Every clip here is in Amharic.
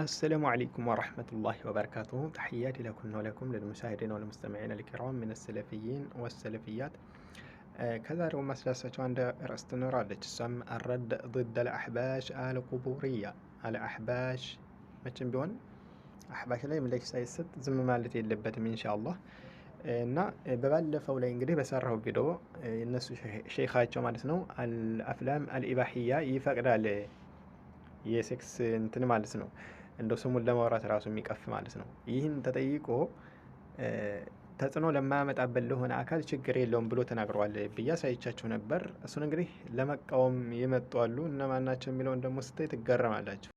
السلام عليكم ورحمة الله وبركاته تحياتي لكم ولكم للمشاهدين والمستمعين الكرام من السلفيين والسلفيات آه، كذا روما سلاساتو عند رستن سم الرد ضد الأحباش آل قبورية الأحباش ما تنبيون أحباش لا يملك سايست زم ما التي لبتم إن شاء الله آه، نا آه، ببال فولا إنجلي بسره فيديو الناس شيخاتو مالسنو الأفلام الإباحية يفقر على يسكس انتن مالسنو እንደው ስሙን ለማውራት ራሱ የሚቀፍ ማለት ነው። ይህን ተጠይቆ ተጽዕኖ ለማያመጣበት ለሆነ አካል ችግር የለውም ብሎ ተናግረዋል ብዬ አሳይቻችሁ ነበር። እሱን እንግዲህ ለመቃወም የመጡ አሉ። እነማን ናቸው የሚለውን ደግሞ ስታይ ትገረማላችሁ።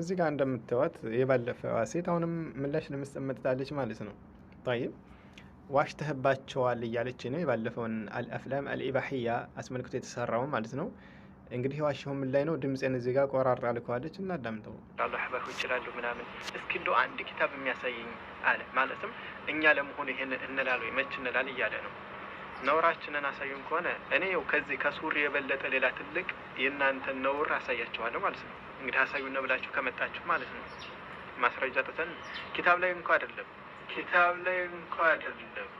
እዚህ ጋር እንደምትዋት የባለፈዋ ሴት አሁንም ምላሽ ለመስጠት መጥታለች ማለት ነው። ይም ዋሽተህባቸዋል እያለች ነው። የባለፈውን አልአፍላም አልኢባሕያ አስመልክቶ የተሰራውን ማለት ነው እንግዲህ የዋሻው ምን ላይ ነው? ድምፄን እዚህ ጋር ቆራርጣ ልከዋለች። እናዳምጠው። አህባሁ ይችላሉ ምናምን እስኪ እንደው አንድ ኪታብ የሚያሳየኝ አለ። ማለትም እኛ ለመሆኑ ይሄን እንላል ወይ መች እንላል እያለ ነው። ነውራችንን አሳዩን ከሆነ እኔ ው ከዚህ ከሱሪ የበለጠ ሌላ ትልቅ የእናንተን ነውር አሳያቸዋለሁ ማለት ነው። እንግዲህ አሳዩን ብላችሁ ከመጣችሁ ማለት ነው። ማስረጃ ጥተን ኪታብ ላይ እንኳ አይደለም ኪታብ ላይ እንኳ አይደለም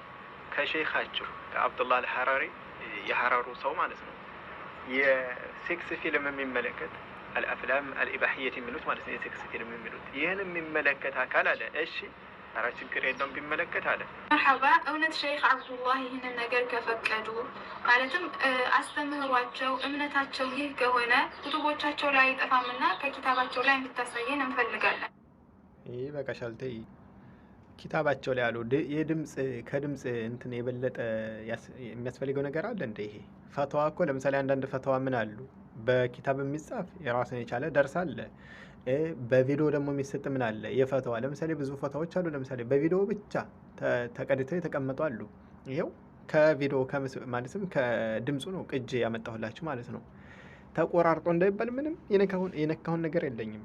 ከሼካችሁ ከአብዱላህ አልሐራሪ የሐራሩ ሰው ማለት ነው የሴክስ ፊልም የሚመለከት አልአፍላም አልኢባህየት የሚሉት ማለት ነው። የሴክስ ፊልም የሚሉት ይህን የሚመለከት አካል አለ። እሺ ኧረ ችግር የለውም ቢመለከት አለ። መርሐባ እውነት ሸይክ አብዱላህ ይህንን ነገር ከፈቀዱ ማለትም አስተምህሯቸው፣ እምነታቸው ይህ ከሆነ ኩቱቦቻቸው ላይ አይጠፋምና ከኪታባቸው ላይ እንድታሳየን እንፈልጋለን። ይህ በቃ ሻልተይ ኪታባቸው ላይ አሉ የድምፅ ከድምፅ እንትን የበለጠ የሚያስፈልገው ነገር አለ እንደ ይሄ ፈተዋ እኮ ለምሳሌ አንዳንድ ፈተዋ ምን አሉ በኪታብ የሚጻፍ የራሱን የቻለ ደርስ አለ። በቪዲዮ ደግሞ የሚሰጥ ምን አለ የፈተዋ ለምሳሌ ብዙ ፈተዋዎች አሉ። ለምሳሌ በቪዲዮ ብቻ ተቀድተው የተቀመጡ አሉ። ይኸው ከቪዲዮ ማለትም ከድምፁ ነው ቅጅ ያመጣሁላችሁ ማለት ነው። ተቆራርጦ እንዳይባል ምንም የነካሁን ነገር የለኝም።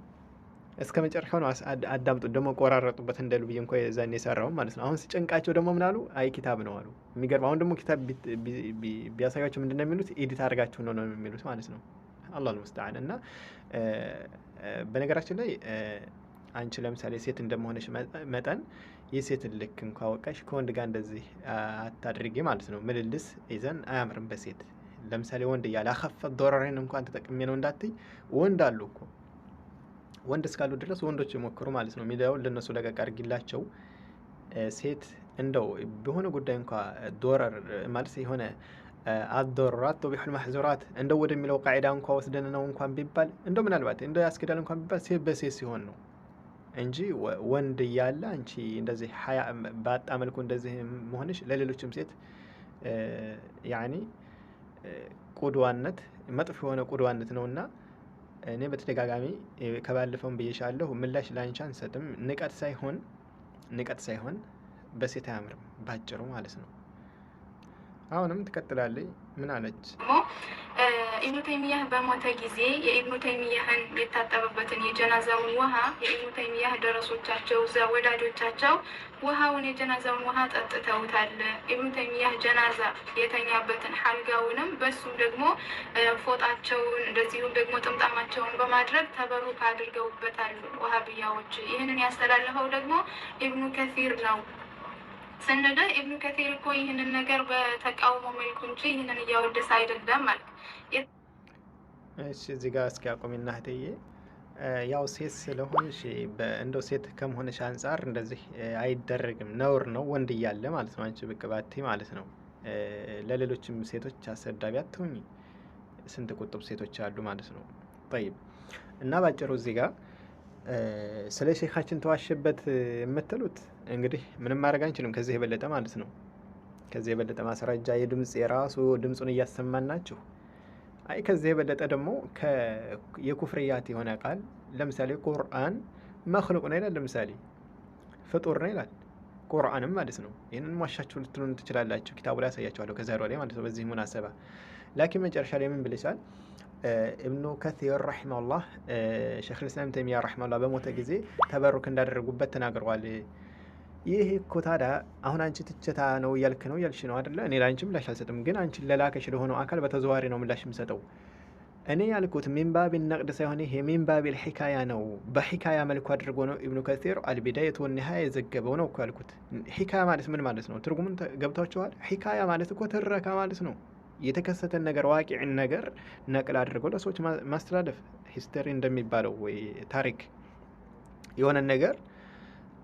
እስከ መጨረሻው ነው አዳምጡ። ደግሞ ቆራረጡበት እንደ ብዬ እንኳ የዛኔ የሰራው ማለት ነው። አሁን ሲጨንቃቸው ደግሞ ምናሉ አይ ኪታብ ነው አሉ። የሚገርም አሁን ደግሞ ኪታብ ቢያሳያቸው ምንድን ነው የሚሉት? ኤዲት አድርጋችሁ ነው ነው የሚሉት ማለት ነው። አላህ አልሙስተዓን። እና በነገራችን ላይ አንቺ ለምሳሌ ሴት እንደመሆነች መጠን የሴትን ልክ እንኳ ወቃሽ ከወንድ ጋር እንደዚህ አታድርጊ ማለት ነው። ምልልስ ይዘን አያምርም በሴት ለምሳሌ ወንድ እያለ አኸፈት ዶረሬን እንኳን ተጠቅሜ ነው እንዳትይ ወንድ አሉ እኮ ወንድ እስካሉ ድረስ ወንዶች የሞክሩ ማለት ነው። ሚዲያውን ለነሱ ለቀቅ አድርጊላቸው። ሴት እንደው በሆነ ጉዳይ እንኳ ዶረር ማለት የሆነ አዶራት ቢሑል ማሕዙራት እንደው ወደሚለው ቃዒዳ እንኳ ወስደን ነው እንኳን ቢባል እንደው ምናልባት እንደ ያስኬዳል እንኳን ቢባል ሴት በሴት ሲሆን ነው እንጂ ወንድ እያለ አንቺ እንደዚህ ሀያ በአጣ መልኩ እንደዚህ መሆንሽ ለሌሎችም ሴት ያኒ ቁድዋነት መጥፎ የሆነ ቁድዋነት ነው እና እኔ በተደጋጋሚ ከባለፈውን ብዬሻለሁ። ምላሽ ላንቺ አንሰጥም። ንቀት ሳይሆን ንቀት ሳይሆን በሴት አያምርም፣ ባጭሩ ማለት ነው። አሁንም ትቀጥላለች። ምን አለች? ኢብኑ ተይሚያህ በሞተ ጊዜ የኢብኑ ተይሚያህን የታጠበበትን የጀናዛውን ውሃ የኢብኑ ተይሚያህ ደረሶቻቸው ወዳጆቻቸው ውሃውን የጀናዛውን ውሃ ጠጥተውታል። ኢብኑ ተይሚያህ ጀናዛ የተኛበትን ሀልጋውንም በሱም ደግሞ ፎጣቸውን እንደዚሁም ደግሞ ጥምጣማቸውን በማድረግ ተበሩክ አድርገውበታል ውሃብያዎች። ይህንን ያስተላለፈው ደግሞ ኢብኑ ከፊር ነው። ስንል ኢብኑ ከሲር እኮ ይህንን ነገር በተቃውሞ መልኩ እንጂ ይህንን እያወደሰ አይደለም ማለት እሺ እዚህ ጋር እስኪ አቁሚና እህትዬ፣ ያው ሴት ስለሆንሽ እንደው ሴት ከመሆንሽ አንጻር እንደዚህ አይደረግም፣ ነውር ነው። ወንድ እያለ ማለት ነው አንቺ ብቅ ባቴ ማለት ነው። ለሌሎችም ሴቶች አሰዳቢ አትሁኝ። ስንት ቁጥብ ሴቶች አሉ ማለት ነው። ጠይብ እና ባጭሩ እዚህ ጋር ስለ ሼካችን ተዋሸበት የምትሉት እንግዲህ ምንም ማድረግ አንችልም ከዚህ የበለጠ ማለት ነው። ከዚህ የበለጠ ማስረጃ የድምፅ የራሱ ድምፁን እያሰማን ናችሁ አይ ከዚህ የበለጠ ደግሞ የኩፍርያት የሆነ ቃል ለምሳሌ ቁርአን መክሉቅ ነው ይላል። ለምሳሌ ፍጡር ነው ይላል ቁርአንም ማለት ነው። ይህንን ዋሻችሁ ልትሆኑ ትችላላችሁ። ኪታቡ ላይ ያሳያችኋለሁ ከዛሬ ላይ ማለት ነው። በዚህ ሙናሰባ ላኪን መጨረሻ ላይ ምን ብልሻል? እብኑ ከሲር ረሒመሁላህ ሸይኹል ኢስላም ተይሚያ ረሒመሁላህ በሞተ ጊዜ ተበሩክ እንዳደረጉበት ተናግረዋል። ይህ እኮ ታዲያ አሁን አንቺ ትችታ ነው እያልክ ነው እያልሽ ነው አደለ? እኔ ለአንቺ ምላሽ አልሰጥም፣ ግን አንቺ ለላከሽ ለሆነው አካል በተዘዋሪ ነው ምላሽ የምሰጠው። እኔ ያልኩት ሚንባቢል ነቅድ ሳይሆን ይሄ ሚንባቢል ሒካያ ነው። በሒካያ መልኩ አድርጎ ነው ኢብኑ ከሲር አልቢዳየት ወኒሃያ የዘገበው ነው እኮ ያልኩት። ሒካያ ማለት ምን ማለት ነው? ትርጉሙን ገብታችኋል? ሒካያ ማለት እኮ ትረካ ማለት ነው። የተከሰተን ነገር ዋቂዕን ነገር ነቅል አድርጎ ለሰዎች ማስተላለፍ ሂስተሪ እንደሚባለው ወይ ታሪክ የሆነን ነገር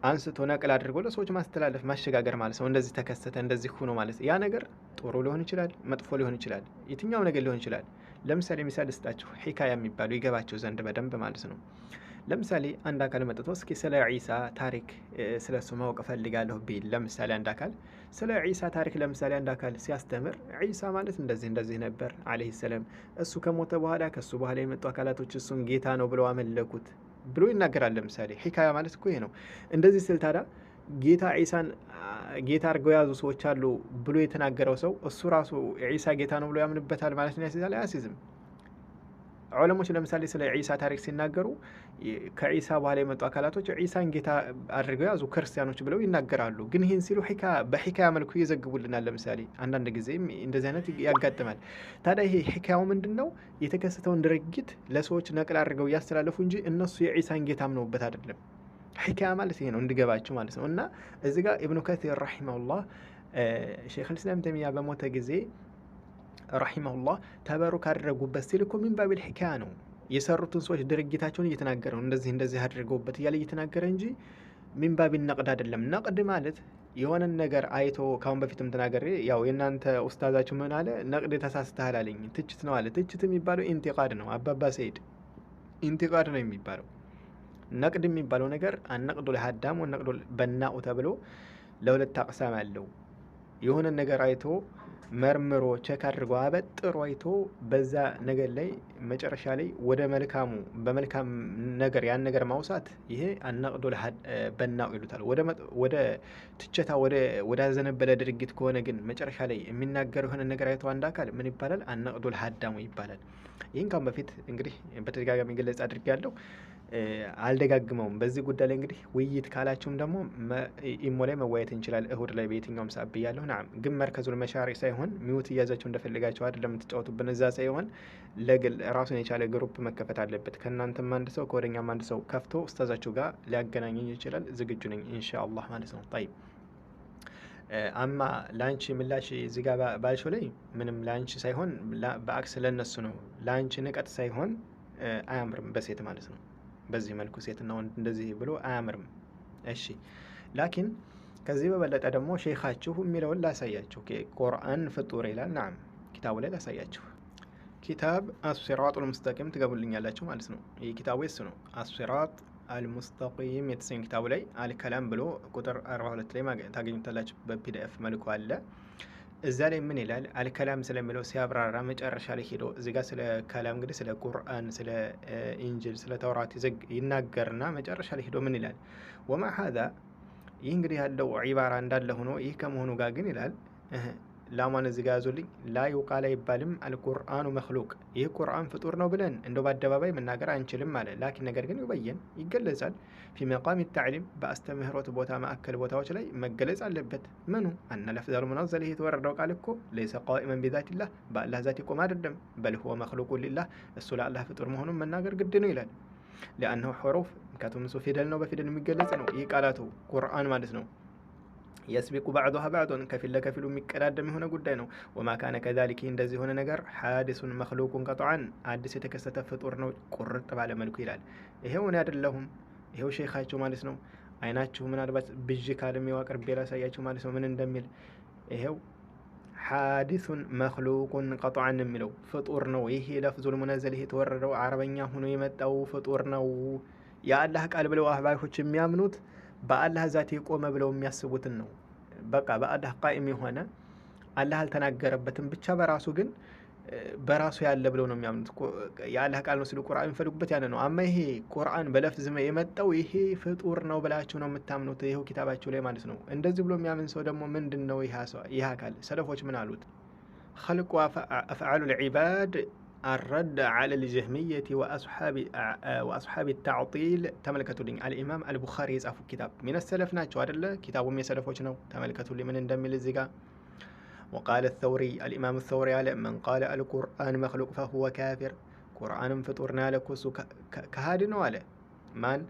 አንስቶ ነቅል አድርጎ ለሰዎች ማስተላለፍ ማሸጋገር ማለት ነው። እንደዚህ ተከሰተ፣ እንደዚህ ሆኖ ማለት ያ ነገር ጥሩ ሊሆን ይችላል፣ መጥፎ ሊሆን ይችላል፣ የትኛው ነገር ሊሆን ይችላል። ለምሳሌ ሚሳል ስጣችሁ፣ ሂካያ የሚባሉ ይገባቸው ዘንድ በደንብ ማለት ነው። ለምሳሌ አንድ አካል መጥቶ እስኪ ስለ ዒሳ ታሪክ ስለ እሱ ማወቅ እፈልጋለሁ ቢል፣ ለምሳሌ አንድ አካል ስለ ዒሳ ታሪክ ለምሳሌ አንድ አካል ሲያስተምር ዒሳ ማለት እንደዚህ እንደዚህ ነበር አለይሂ ሰላም፣ እሱ ከሞተ በኋላ ከእሱ በኋላ የመጡ አካላቶች እሱን ጌታ ነው ብለው አመለኩት ብሎ ይናገራል። ለምሳሌ ሒካያ ማለት እኮ ይሄ ነው። እንደዚህ ስል ታዲያ ጌታ ዒሳን ጌታ አድርገው የያዙ ሰዎች አሉ ብሎ የተናገረው ሰው እሱ ራሱ ዒሳ ጌታ ነው ብሎ ያምንበታል ማለት ነው። ያስይዛል አያስይዝም? ዑለሞች ለምሳሌ ስለ ዒሳ ታሪክ ሲናገሩ ከዒሳ በኋላ የመጡ አካላቶች ዒሳን ጌታ አድርገው ያዙ ክርስቲያኖች ብለው ይናገራሉ። ግን ይህን ሲሉ በሒካያ መልኩ ይዘግቡልናል። ለምሳሌ አንዳንድ ጊዜም እንደዚህ አይነት ያጋጥማል። ታዲያ ይሄ ሒካያው ምንድን ነው? የተከሰተውን ድርጊት ለሰዎች ነቅል አድርገው እያስተላለፉ እንጂ እነሱ የዒሳን ጌታ አምነውበት አይደለም። ሒካያ ማለት ይሄ ነው፣ እንድገባቸው ማለት ነው። እና እዚህ ጋር ኢብኑ ከቲር ረሒመሁላህ ሼክ ልስላም ተሚያ በሞተ ጊዜ ረሂመሁላህ ተበሩክ ካደረጉበት ሲል እኮ ሚን ባቢል ሂካያ ነው የሰሩትን ሰዎች ድርጊታቸውን እየተናገረ ነው። እንደዚህ እንደዚህ አድርገውበት እያለ እየተናገረ እንጂ ሚንባቢን ነቅድ አይደለም። ነቅድ ማለት የሆነን ነገር አይቶ ካሁን በፊትም ተናገሬ፣ ያው የእናንተ ኡስታዛችሁ ምን አለ? ነቅድ ተሳስተሃል አለኝ። ትችት ነው አለ። ትችት የሚባለው ኢንቲቃድ ነው። አባባ ሰይድ ኢንቲቃድ ነው የሚባለው። ነቅድ የሚባለው ነገር አነቅዱ ለሀዳም ወነቅዱ በናኡ ተብሎ ለሁለት አቅሳም አለው። የሆነን ነገር አይቶ መርምሮ ቼክ አድርጎ አበጥሮ አይቶ በዛ ነገር ላይ መጨረሻ ላይ ወደ መልካሙ በመልካም ነገር ያን ነገር ማውሳት ይሄ አናቅዶ በናው ይሉታል። ወደ ትቸታ ወዳዘነበለ ድርጊት ከሆነ ግን መጨረሻ ላይ የሚናገር የሆነ ነገር አይቶ አንድ አካል ምን ይባላል? አናቅዶ ለሀዳሙ ይባላል። ይህን ካሁን በፊት እንግዲህ በተደጋጋሚ ገለጽ ያለው። አልደጋግመውም። በዚህ ጉዳይ ላይ እንግዲህ ውይይት ካላችሁም ደግሞ ኢሞ ላይ መወያየት እንችላል። እሁድ ላይ በየትኛውም ሰዓት ብያለሁ። ናም ግን መርከዙል መሻሪ ሳይሆን ሚውት እያዛቸው እንደፈለጋቸው አይደለም የምትጫወቱብን እዛ ሳይሆን ለግል ራሱን የቻለ ግሩፕ መከፈት አለበት። ከእናንተም አንድ ሰው ከወደኛም አንድ ሰው ከፍቶ ኡስታዛችሁ ጋር ሊያገናኘኝ ይችላል። ዝግጁ ነኝ ኢንሻአላህ ማለት ነው። ጠይብ አማ ላንቺ ምላሽ እዚህ ባልሾ ላይ ምንም ላንቺ ሳይሆን በአክስ ለነሱ ነው። ላንቺ ንቀት ሳይሆን አያምርም በሴት ማለት ነው። በዚህ መልኩ ሴትና ወንድ እንደዚህ ብሎ አያምርም። እሺ ላኪን ከዚህ በበለጠ ደግሞ ሼኻችሁ የሚለውን ላሳያችሁ። ቁርአን ፍጡር ይላል። ናም ኪታቡ ላይ ላሳያችሁ። ኪታብ አስሲራጥ አልሙስተቂም ትገቡልኛላችሁ ማለት ነው። ይህ ኪታቡ የሱ ነው። አስሲራጥ አልሙስተቂም የተሰኝ ኪታቡ ላይ አልከላም ብሎ ቁጥር 42 ላይ ታገኙታላችሁ። በፒዲኤፍ መልኩ አለ እዛ ላይ ምን ይላል? አልከላም ስለሚለው ሲያብራራ መጨረሻ ላይ ሄዶ እዚጋ ስለ ከላም እንግዲህ ስለ ቁርአን፣ ስለ ኢንጅል፣ ስለ ተውራት ይናገርና መጨረሻ ላይ ሄዶ ምን ይላል? ወማ ሀዛ ይህ እንግዲህ ያለው ዒባራ እንዳለ ሆኖ ይህ ከመሆኑ ጋር ግን ይላል ላማን እዚህ ጋር ያዙልኝ። ላ ዩቃል አይባልም። አልቁርአኑ መክሉቅ ይህ ቁርአን ፍጡር ነው ብለን እንደው በአደባባይ መናገር አንችልም አለ። ላኪን ነገር ግን ይበየን ይገለጻል። ፊ መቃም ታዕሊም በአስተምህሮት ቦታ ማዕከል ቦታዎች ላይ መገለጽ አለበት። ምኑ አና ለፍዛል ሙናዘል ይህ የተወረደው ቃል እኮ ለይሰ ቃኢመን ቢዛቲላህ በአላህ ዛት ይቆም አይደለም። በል ሁወ መክሉቁ ሊላህ እሱ ለአላህ ፍጡር መሆኑን መናገር ግድ ነው ይላል። ሊአነሁ ሑሩፍ ምክንያቱም እሱ ፊደል ነው፣ በፊደል የሚገለጽ ነው። ይህ ቃላቱ ቁርአን ማለት ነው። የስቢቁ ባዕዱሃ ባዕዶን ከፊል ለከፊሉ የሚቀዳደም የሆነ ጉዳይ ነው። ወማ ካነ ከዛሊክ እንደዚህ የሆነ ነገር ሐዲሱን መክሉቁን ቀጥዓን አዲስ የተከሰተ ፍጡር ነው ቁርጥ ባለ መልኩ ይላል። ይሄው እኔ አይደለሁም ይሄው ሼካቸው ማለት ነው። አይናችሁ ምናልባት ብዥ ካልሚው አቅርቤ ላሳያችሁ ማለት ነው ምን እንደሚል ይሄው ሐዲሱን መክሉቁን ቀጥዓን የሚለው ፍጡር ነው። ይሄ ለፍዙል ሙነዘል ይሄ የተወረደው አረበኛ ሆኖ የመጣው ፍጡር ነው የአላህ ቃል ብለው አህባሾች የሚያምኑት በአላህ ዛት የቆመ ብለው የሚያስቡትን ነው። በቃ በአላህ ቃኢም የሆነ አላህ አልተናገረበትም ብቻ በራሱ ግን በራሱ ያለ ብለው ነው የሚያምኑት። የአላህ ቃል ወስዱ ቁርአን የሚፈልጉበት ያለ ነው። አማ ይሄ ቁርአን በለፍዝ የመጣው ይሄ ፍጡር ነው ብላችሁ ነው የምታምኑት፣ ይኸው ኪታባችሁ ላይ ማለት ነው። እንደዚህ ብሎ የሚያምን ሰው ደግሞ ምንድን ነው ይህ አካል? ሰለፎች ምን አሉት? ኸልቁ አፍዓሉ ልዒባድ الرد على الجهمية وأصحاب آه، وأصحاب التعطيل تملكة الإمام البخاري يزعف كتاب من السلف ناتشو أدلة كتاب من السلف نو تملكة لمن اندم للزقا وقال الثوري الإمام الثوري على من قال القرآن مخلوق فهو كافر قرآن فطرنا لك كهادن ولا من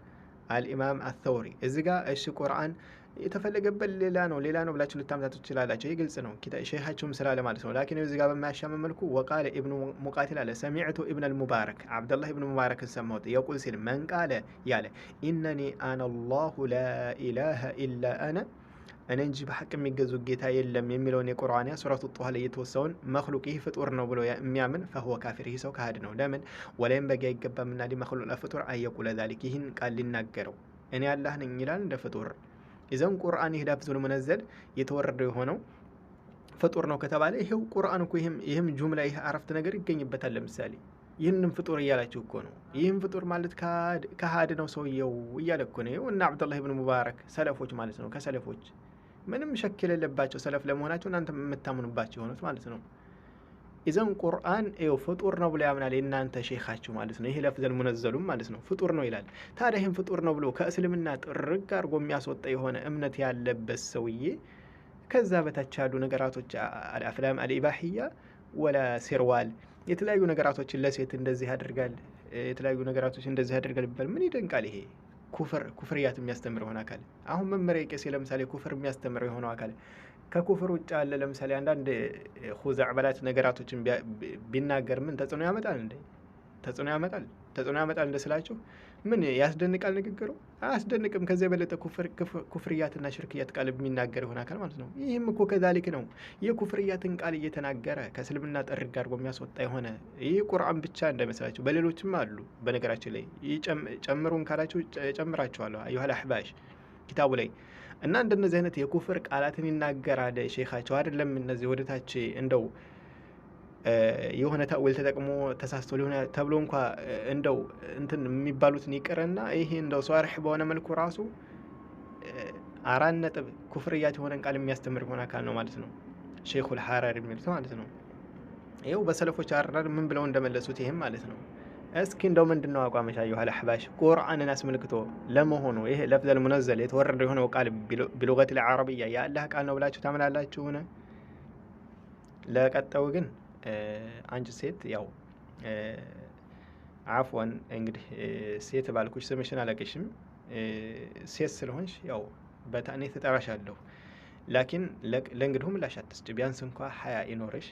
الإمام الثوري إزقا إيش قرآن የተፈለገበት ሌላ ነው ሌላ ነው ብላችሁ ልታምታቱ ትችላላቸው። ይህ ግልጽ ነው፣ ሸይኻቸውም ስራ ለማለት ነው። ላኪን እዚህ ጋር በማያሻም መልኩ ወቃለ ኢብኑ ሙቃቲል አለ ሰሚዕቱ ኢብን አልሙባረክ አብደላህ ኢብኑ ሙባረክ ሰማሁት የቁል ሲል መን ቃለ ያለ ኢነኒ አነ ላሁ ላኢላሃ ኢላ አነ እኔ እንጂ በሐቅ የሚገዙ ጌታ የለም የሚለውን የቁርአን ሱረቱ ጧሃ ላይ የተወሰውን መክሉቅ ይህ ፍጡር ነው ብሎ የሚያምን ፈህወ ካፊር፣ ይህ ሰው ካህድ ነው። ለምን ወላይም በጊ አይገባምና ዲ መክሉቅ ለፍጡር አየቁለ ዛሊክ ይህን ቃል ሊናገረው እኔ አላህ ነኝ ይላል እንደ ፍጡር የዛን ቁርአን ይህ ዳፍዙል መነዘል የተወረደው የሆነው ፍጡር ነው ከተባለ ይሄው ቁርአን እኮ ይህም ጁምላ ይህ አረፍተ ነገር ይገኝበታል። ለምሳሌ ይህንም ፍጡር እያላችሁ እኮ ነው። ይህም ፍጡር ማለት ከሀድ ነው ሰውየው እያለ እኮ ነው። እና አብዱላህ ብን ሙባረክ ሰለፎች ማለት ነው። ከሰለፎች ምንም ሸክ የሌለባቸው ሰለፍ ለመሆናቸው እናንተ የምታምኑባቸው የሆኑት ማለት ነው። ኢዘን ቁርአን ው ፍጡር ነው ብሎ ያምናል የእናንተ ሼካችሁ ማለት ነው። ይሄ ለፍዘል ሙነዘሉም ማለት ነው ፍጡር ነው ይላል። ታዲያ ይህም ፍጡር ነው ብሎ ከእስልምና ጥርግ አድርጎ የሚያስወጣ የሆነ እምነት ያለበት ሰውዬ ከዛ በታች ያሉ ነገራቶች አልአፍላም አልኢባህያ ወላ ሴርዋል የተለያዩ ነገራቶችን ለሴት እንደዚህ ያደርጋል፣ የተለያዩ ነገራቶች እንደዚህ ያደርጋል ቢባል ምን ይደንቃል? ይሄ ኩፍር ኩፍርያት የሚያስተምር የሆነ አካል አሁን መመሪያ ቄስ ለምሳሌ ኩፍር የሚያስተምረው የሆነው አካል ከኩፍር ውጭ አለ ለምሳሌ አንዳንድ ሁዛዕ በላት ነገራቶችን ቢናገር ምን ተጽዕኖ ያመጣል? እንደ ተጽዕኖ ያመጣል ተጽዕኖ ያመጣል እንደ ስላቸው ምን ያስደንቃል? ንግግሩ አያስደንቅም። ከዚያ የበለጠ ኩፍርያትና ሽርክያት ቃል የሚናገር ይሆን አካል ማለት ነው። ይህም እኮ ከዛሊክ ነው። የኩፍርያትን ቃል እየተናገረ ከእስልምና ጥርግ ጋር የሚያስወጣ የሆነ ይህ ቁርአን ብቻ እንዳይመስላቸው በሌሎችም አሉ። በነገራችን ላይ ጨምሩን ካላቸው ጨምራቸዋለሁ። አዩሃል አሕባሽ ኪታቡ ላይ እና እንደነዚህ አይነት የኩፍር ቃላትን ይናገራል ሼካቸው አይደለም። እነዚህ ወደታች እንደው የሆነ ተዊል ተጠቅሞ ተሳስቶ ሊሆነ ተብሎ እንኳ እንደው እንትን የሚባሉትን ይቅርና ይሄ እንደው ሷሪሕ በሆነ መልኩ ራሱ አራት ነጥብ ኩፍርያት የሆነን ቃል የሚያስተምር የሆነ አካል ነው ማለት ነው። ሼኹል ሐራሪ የሚሉት ማለት ነው። ይው በሰለፎች አራር ምን ብለው እንደመለሱት ይህም ማለት ነው። እስኪ እንደው ምንድን ነው አቋመሻ የኋላ አሕባሽ ቁርአንን አስመልክቶ ለመሆኑ ይሄ ለፍዘል ሙነዘል የተወረደ የሆነው ቃል ቢሉገት ልዓረብያ የአላህ ቃል ነው ብላችሁ ታምናላችሁ? ሆነ ለቀጠው ግን አንቺ ሴት ያው አፍወን እንግዲህ ሴት ባልኩሽ ስምሽን አለቅሽም ሴት ስለሆንሽ ያው በታኔ ትጠራሻለሁ። ላኪን ለእንግዲሁም ምላሽ አትስጭ። ቢያንስ እንኳ ሀያ ይኖርሽ።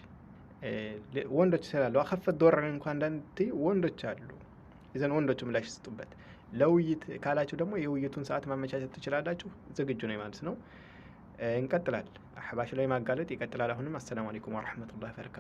ወንዶች ስላሉ አከፈት ዶረን እንኳ አንዳንድ ወንዶች አሉ ይዘን ወንዶቹ ምላሽ ይስጡበት። ለውይይት ካላችሁ ደግሞ የውይይቱን ሰዓት ማመቻቸት ትችላላችሁ። ዝግጁ ነው ማለት ነው። እንቀጥላል። አህባሽ ላይ ማጋለጥ ይቀጥላል። አሁንም አሰላሙ አለይኩም ወረህመቱላሂ በረካቱ